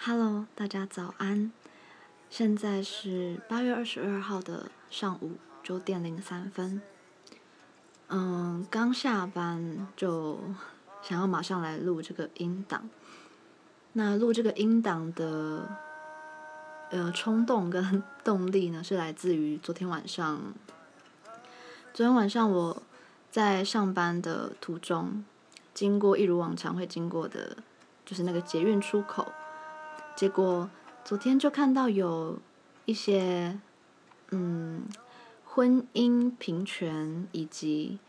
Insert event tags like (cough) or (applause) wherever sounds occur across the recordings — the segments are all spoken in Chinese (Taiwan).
Hello，大家早安！現在是八月二十二號的上午九點零三分。嗯，剛下班就想要馬上來錄這個音檔。那錄這個音檔的呃衝動跟動力呢，是來自於昨天晚上。昨天晚上我在上班的途中，經過一如往常會經過的，就是那個捷運出口。結果昨天就看到有一些，嗯，婚姻平權以及，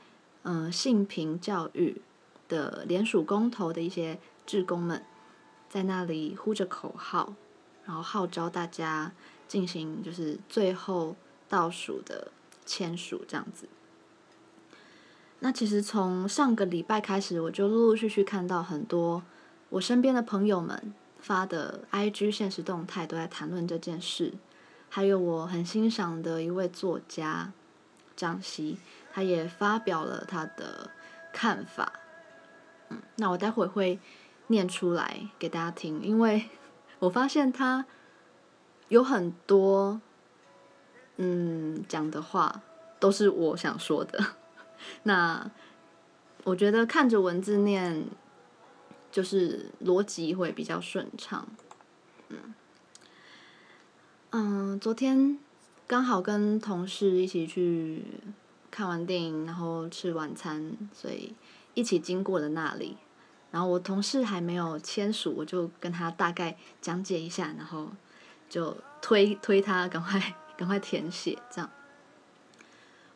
嗯、呃，性平教育的聯署公投的一些志工們，在那裡呼着口號，然後號召大家進行就是最後倒數的簽署這樣子。那其實從上個禮拜開始，我就陸陸續續看到很多我身邊的朋友們。發的 IG 限時動態都在談論這件事，還有我很欣賞的一位作家張西，他也發表了他的看法。嗯，那我待會會念出來給大家聽，因為我發現他有很多嗯講的話都是我想說的。那我覺得看着文字念。就是邏輯會比較順暢，嗯，嗯，昨天剛好跟同事一起去看完電影，然後吃晚餐，所以一起經過了那裡。然後我同事還沒有簽署，我就跟他大概講解一下，然後就推推他，趕快趕快填寫。這樣，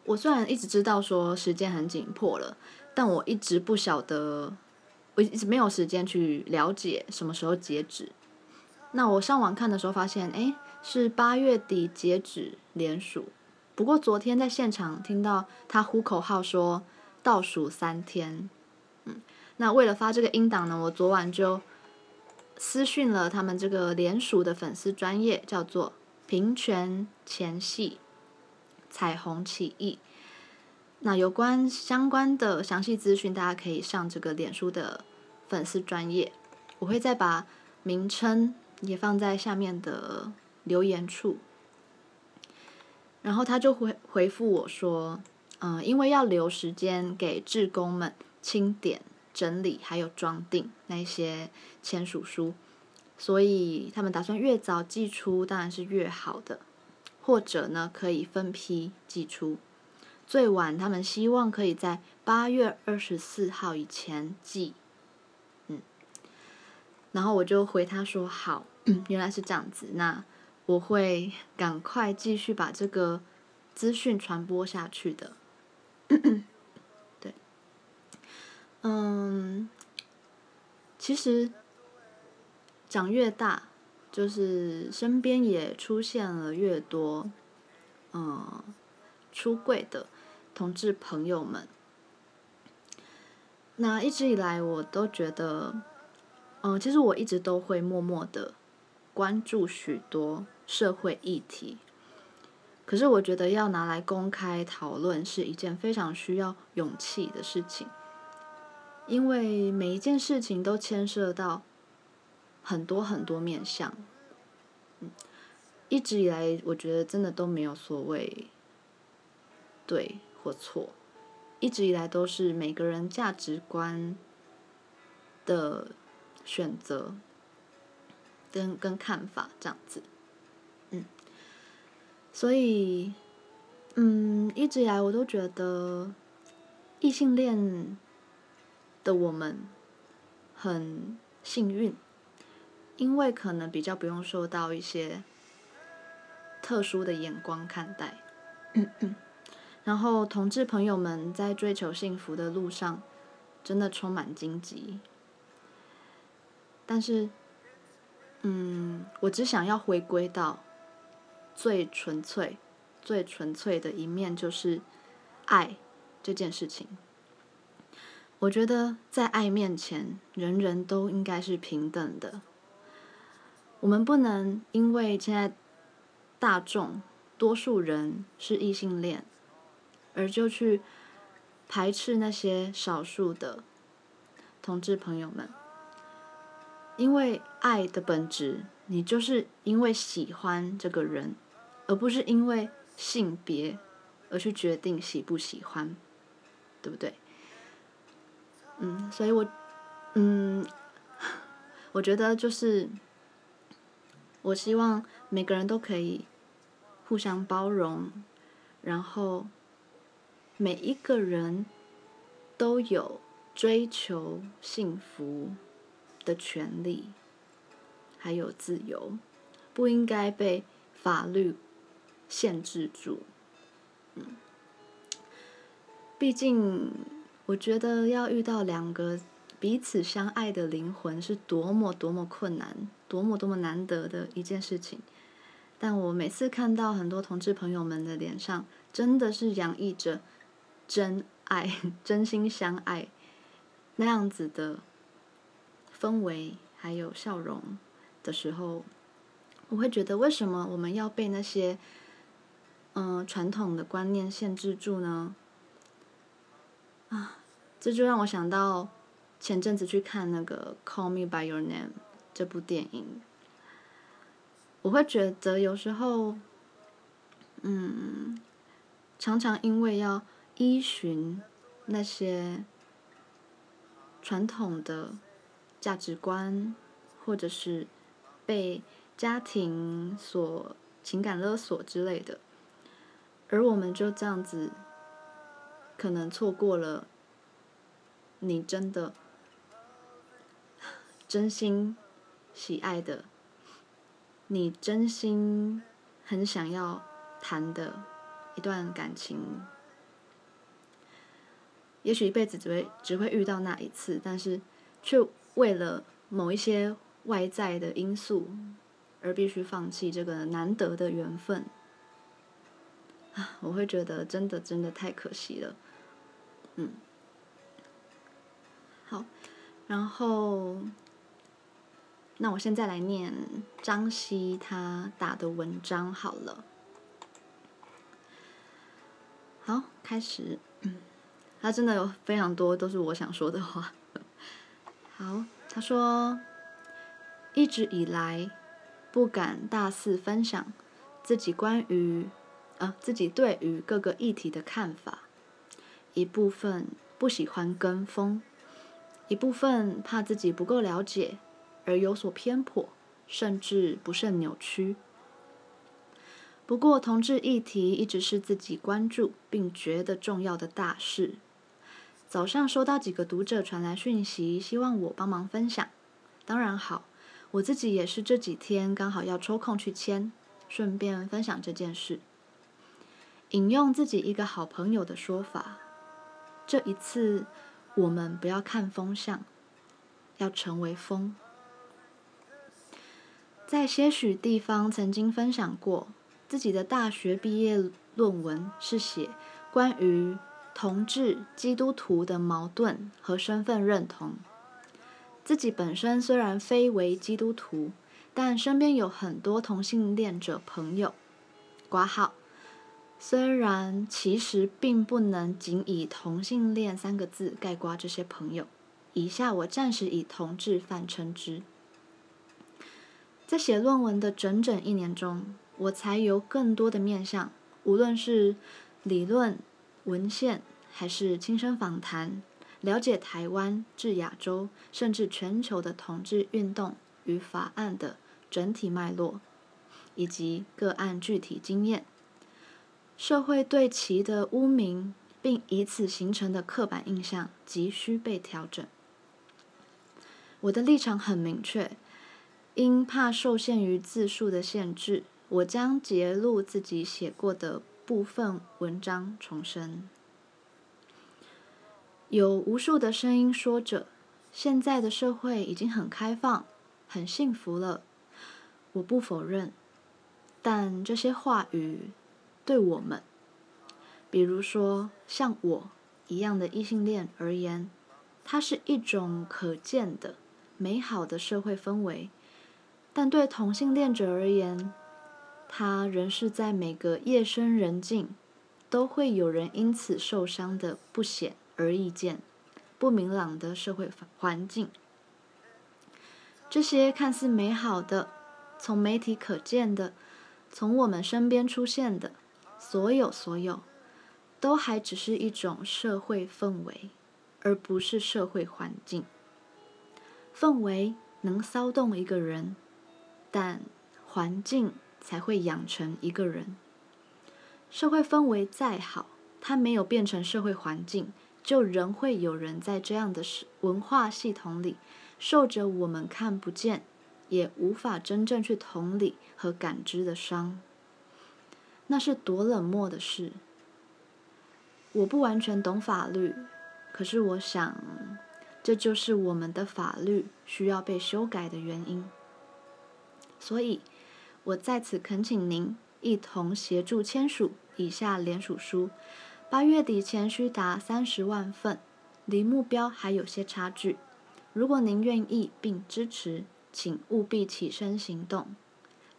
我雖然一直知道說時間很緊迫了，但我一直不曉得。我一直沒有時間去了解什麼時候截止。那我上網看的時候發現，哎、欸，是八月底截止聯署。不過昨天在現場聽到他呼口號說倒數三天。嗯，那為了發這個音檔呢，我昨晚就私訊了他們這個聯署的粉絲專頁，叫做平權前夕彩虹起義。那有關相關的詳細資訊，大家可以上這個臉書的。粉絲專頁，我會再把名稱也放在下面的留言處。然後他就回回復我說：“嗯，因為要留時間給志工們清點、整理還有裝訂那些簽署書，所以他們打算越早寄出當然是越好的，或者呢可以分批寄出。最晚他們希望可以在八月二十四號以前寄。”然後我就回他說：“好，原來是這樣子，那我會趕快繼續把這個資訊傳播下去的。 (coughs) ”對，嗯，其實長越大，就是身邊也出現了越多，嗯，出櫃的同志朋友們。那一直以來，我都覺得。嗯，其實我一直都會默默地關注許多社會議題，可是我覺得要拿來公開討論是一件非常需要勇氣的事情，因為每一件事情都牽涉到很多很多面向。一直以來，我覺得真的都沒有所謂對或錯，一直以來都是每個人價值觀的。選擇跟、跟跟看法這樣子，嗯，所以，嗯，一直以來我都覺得，異性戀的我們很幸運，因為可能比較不用受到一些特殊的眼光看待， (coughs) 然後同志朋友們在追求幸福的路上真的充滿荊棘。但是，嗯，我只想要回歸到最純粹、最純粹的一面，就是愛這件事情。我覺得在愛面前，人人都應該是平等的。我們不能因為現在大眾多數人是異性戀，而就去排斥那些少數的同志朋友們。因為愛的本質，你就是因為喜歡這個人，而不是因為性別而去決定喜不喜歡，對不對？嗯，所以我，嗯，我覺得就是，我希望每個人都可以互相包容，然後每一個人都有追求幸福的權利，還有自由，不應該被法律限制住。嗯，畢竟我覺得要遇到兩個彼此相愛的靈魂是多麼多麼困難、多麼多麼難得的一件事情。但我每次看到很多同志朋友們的臉上，真的是洋溢着真愛、真心相愛那樣子的。氛圍還有笑容的時候，我會覺得為什麼我們要被那些嗯、呃、傳統的觀念限制住呢？啊，這就讓我想到前陣子去看那個《Call Me By Your Name》這部電影，我會覺得有時候，嗯，常常因為要依循那些傳統的。價值觀，或者是被家庭所情感勒索之類的，而我們就這樣子，可能錯過了你真的真心喜愛的，你真心很想要談的一段感情，也許一輩子只會只會遇到那一次，但是卻。為了某一些外在的因素而必須放棄這個難得的緣分，啊，我會覺得真的真的太可惜了。嗯，好，然後那我現在來念張希他打的文章好了。好，開始， (coughs) 他真的有非常多都是我想說的話。好，他說，一直以來不敢大肆分享自己關於，呃，自己對於各個議題的看法，一部分不喜歡跟風，一部分怕自己不夠了解而有所偏頗，甚至不慎扭曲。不過，同志議題一直是自己關注並覺得重要的大事。早上收到幾個讀者傳來訊息，希望我幫忙分享。當然好，我自己也是這幾天剛好要抽空去簽，順便分享這件事。引用自己一個好朋友的說法：“這一次，我們不要看風向，要成為風。”在些許地方曾經分享過自己的大學畢業論文，是寫關於。同志基督徒的矛盾和身份認同。自己本身雖然非為基督徒，但身邊有很多同性戀者朋友。括號，雖然其實並不能僅以同性戀三個字概括這些朋友，以下我暫時以同志泛稱之。在寫論文的整整一年中，我才有更多的面向，無論是理論文獻。還是親身訪談，了解台灣至亞洲甚至全球的同志運動與法案的整體脈絡，以及個案具體經驗，社會對其的污名，並以此形成的刻板印象，急需被調整。我的立場很明確，因怕受限於字數的限制，我將揭露自己寫過的部分文章重申。有無數的聲音說着，現在的社會已經很開放、很幸福了。我不否認，但這些話語對我們，比如說像我一樣的異性戀而言，它是一種可見的美好的社會氛圍；但對同性戀者而言，它仍是在每個夜深人靜，都會有人因此受傷的不顯而易見，不明朗的社會環境，這些看似美好的、從媒體可見的、從我們身邊出現的，所有所有，都還只是一種社會氛圍，而不是社會環境。氛圍能騷動一個人，但環境才會養成一個人。社會氛圍再好，它沒有變成社會環境，就仍會有人在這樣的文化系統裡受着我們看不見、也無法真正去同理和感知的傷，那是多冷漠的事。我不完全懂法律，可是我想，這就是我們的法律需要被修改的原因。所以，我在此懇請您一同協助簽署以下連署書。八月底前需達三十萬份，離目標還有些差距。如果您願意並支持，請務必起身行動，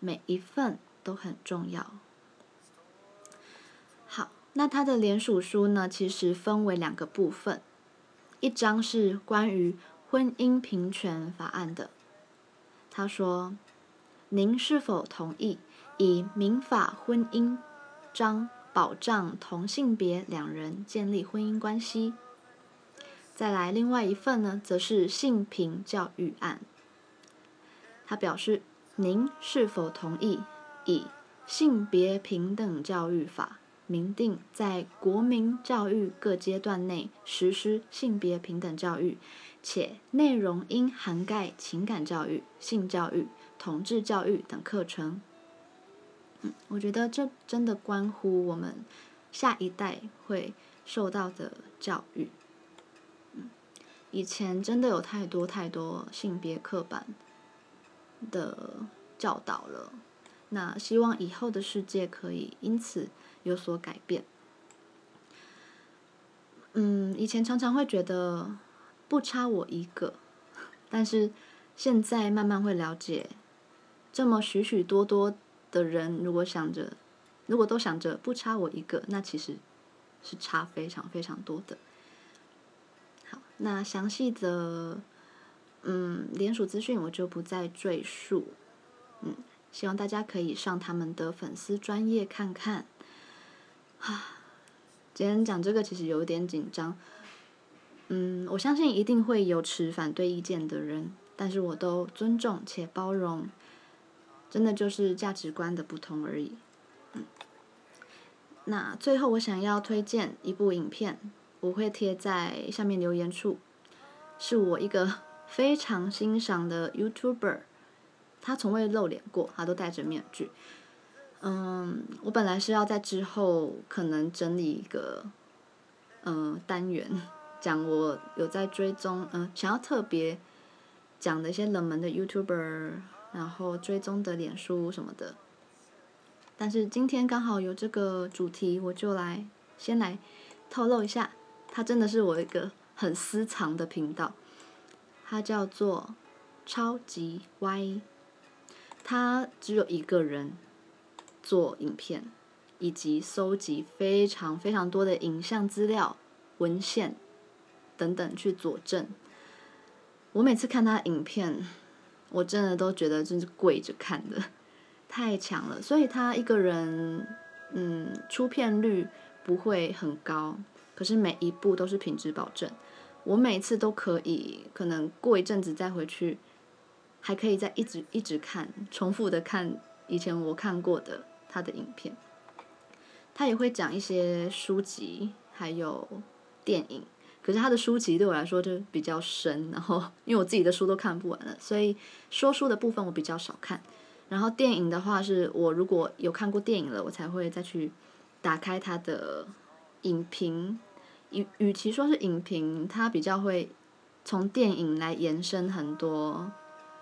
每一份都很重要。好，那他的聯署書呢？其實分為兩個部分，一章是關於婚姻平權法案的。他說：“您是否同意以民法婚姻章？”保障同性別兩人建立婚姻關係。再來，另外一份呢，則是性平教育案。他表示：“您是否同意以性別平等教育法明定，在國民教育各階段內實施性別平等教育，且內容應涵蓋情感教育、性教育、同志教育等課程？”我覺得這真的關乎我們下一代會受到的教育。嗯，以前真的有太多太多性別刻板的教導了，那希望以後的世界可以因此有所改變。嗯，以前常常會覺得不差我一個，但是現在慢慢會了解，這麼許許多多的人如果想着，如果都想着不差我一個，那其實是差非常非常多的。好，那詳細的嗯連署資訊我就不再贅述，嗯，希望大家可以上他們的粉絲專頁看看。啊，今天講這個其實有點緊張，嗯，我相信一定會有持反對意見的人，但是我都尊重且包容。真的就是價值觀的不同而已。嗯，那最後我想要推薦一部影片，我會貼在下面留言處。是我一個非常欣賞的 YouTuber，他從未露臉過，他都戴着面具。嗯，我本來是要在之後可能整理一個嗯、呃、單元，講我有在追蹤嗯、呃、想要特別講的一些冷門的 YouTuber。然後追蹤的臉書什麼的，但是今天剛好有這個主題，我就來先來透露一下，它真的是我一個很私藏的頻道，它叫做超級歪，它只有一個人做影片，以及搜集非常非常多的影像資料、文獻等等去佐證。我每次看他影片。我真的都覺得真是跪着看的，太強了。所以他一個人，嗯，出片率不會很高，可是每一部都是品質保證。我每次都可以，可能過一陣子再回去，還可以再一直一直看，重複的看以前我看過的他的影片。他也會講一些書籍，還有電影。可是他的書籍對我來說就比較深，然後因為我自己的書都看不完了，所以說書的部分我比較少看。然後電影的話是，我如果有看過電影了，我才會再去打開他的影評。與與其說是影評，他比較會從電影來延伸很多，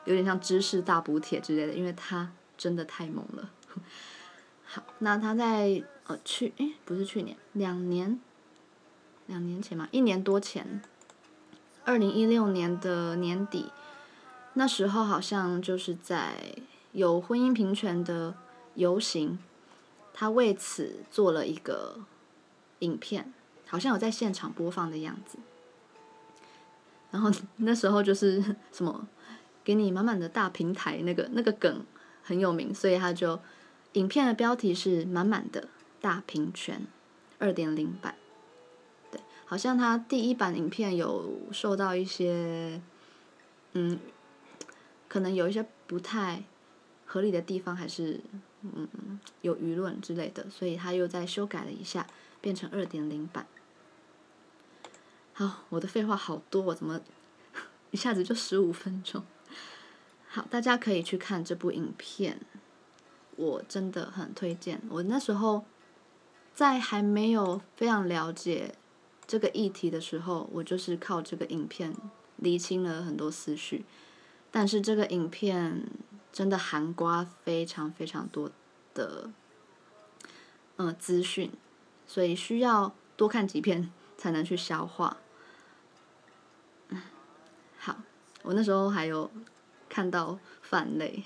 有點像知識大補帖之類的，因為他真的太猛了。好，那他在呃、哦、去，誒、欸、不是去年，兩年。兩年前嘛，一年多前，二零一六年的年底，那時候好像就是在有婚姻平權的遊行，他為此做了一個影片，好像有在現場播放的樣子。然後那時候就是什麼給你滿滿的大平台，那個那個梗很有名，所以他就影片的標題是《滿滿的大平權2.0版》。好像他第一版影片有受到一些，嗯，可能有一些不太合理的地方，還是嗯有輿論之類的，所以他又再修改了一下，變成二點零版。好，我的廢話好多，我怎麼一下子就十五分鐘？好，大家可以去看這部影片，我真的很推薦。我那時候在還沒有非常了解這個議題的時候，我就是靠這個影片，理清了很多思緒，但是這個影片真的含括非常非常多的嗯資訊，所以需要多看幾遍才能去消化。好，我那時候還有看到范淚，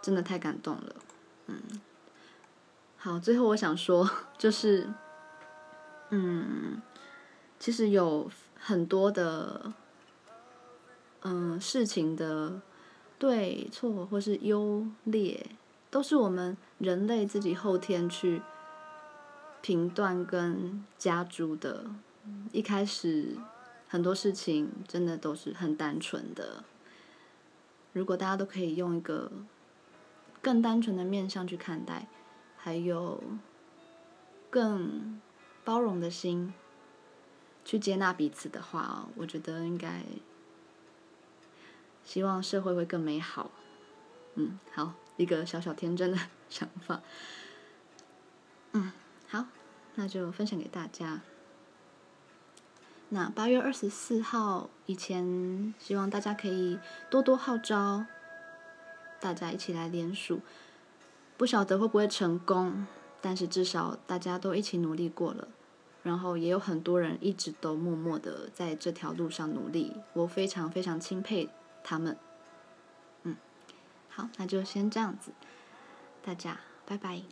真的太感動了。嗯，好，最後我想說就是。嗯，其實有很多的，嗯、呃，事情的對錯或是優劣，都是我們人類自己後天去評斷跟加諸的。一開始很多事情真的都是很單純的，如果大家都可以用一個更單純的面向去看待，還有更。包容的心，去接納彼此的話哦，我覺得應該，希望社會會更美好。嗯，好，一個小小天真的想法。嗯，好，那就分享給大家。那八月二十四號以前，希望大家可以多多號召，大家一起來聯署，不曉得會不會成功。但是至少大家都一起努力過了，然後也有很多人一直都默默的在這條路上努力，我非常非常欽佩他們。嗯，好，那就先這樣子，大家拜拜。